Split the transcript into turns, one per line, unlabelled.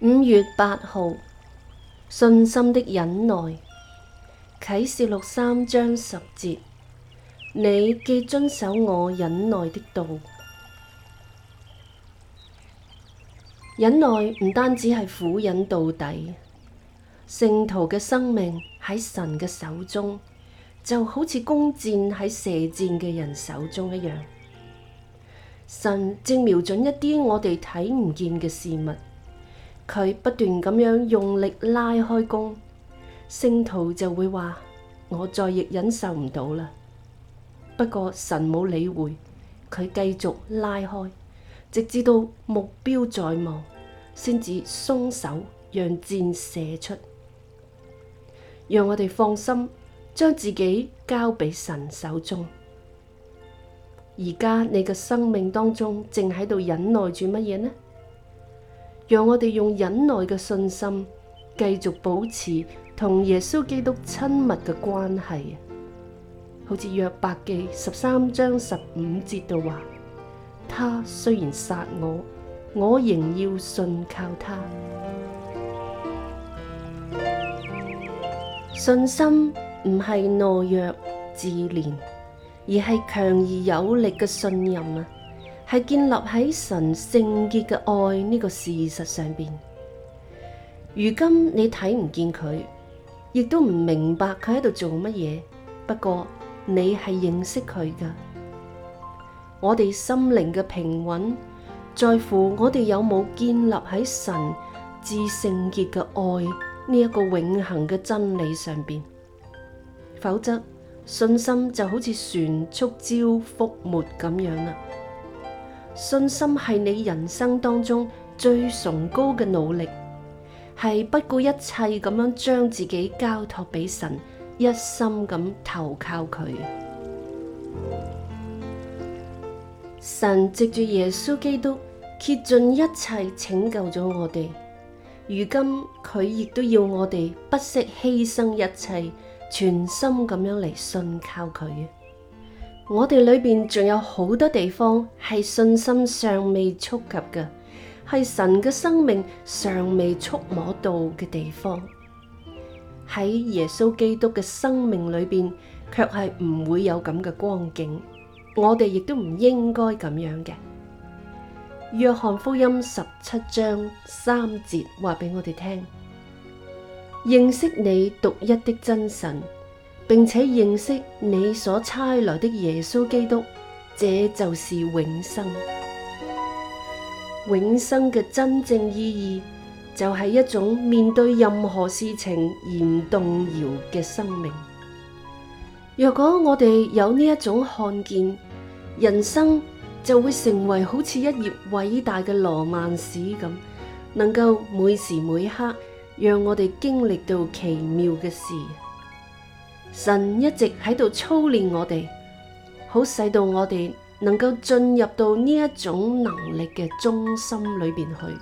五月八號，信心的忍耐，啟示錄三章十節，你既遵守我忍耐的道，忍耐唔單止係苦忍到底，聖徒嘅生命喺神嘅手中，就好似弓箭喺射箭嘅人手中一樣，神正瞄準一啲我哋睇唔見嘅事物。佢不斷咁樣用力拉開弓，聖徒就會話：我再也忍受唔到啦。不過神冇理會，佢繼續拉開，直至到目標在望，先至鬆手讓箭射出。讓我哋放心，將自己交俾神手中。而家你嘅生命當中，正喺度忍耐住乜嘢呢？讓我哋用忍耐嘅信心，繼續保持同耶穌基督親密嘅關係。好似約伯記十三章十五節就話：他雖然殺我，我仍要信靠他。信心唔係懦弱自憐，而係強而有力嘅信任啊！係建立喺神聖潔嘅愛呢個事實上邊。如今你睇唔見佢，亦都唔明白佢喺度做乜嘢。不過你係認識佢噶。我哋心靈嘅平穩在乎我哋有冇建立喺神至聖潔嘅愛呢一個永恒嘅真理上邊。否則信心就好似船觸礁覆沒咁樣啦。信心係你人生當中最崇高嘅努力，係不顧一切咁樣將自己交託俾神，一心咁投靠佢。神藉住耶穌基督竭盡一切拯救咗我哋，如今佢亦都要我哋不惜犧牲一切，全心咁樣嚟信靠佢。我哋裏邊仲有好多地方係信心尚未觸及嘅，係神嘅生命尚未觸摸到嘅地方。喺耶穌基督嘅生命裏邊，卻係唔會有咁嘅光景。我哋亦都唔應該咁樣嘅。約翰福音十七章三節話俾我哋聽：認識你獨一的真神。並且認識你所差來的耶穌基督，這就是永生。永生嘅真正意義就係、是、一種面對任何事情而唔動搖嘅生命。若果我哋有呢一種看見，人生就會成為好似一頁偉大嘅羅曼史咁，能夠每時每刻讓我哋經歷到奇妙嘅事。神一直喺度操練我哋，好使到我哋能夠進入到呢一種能力嘅中心裏邊去。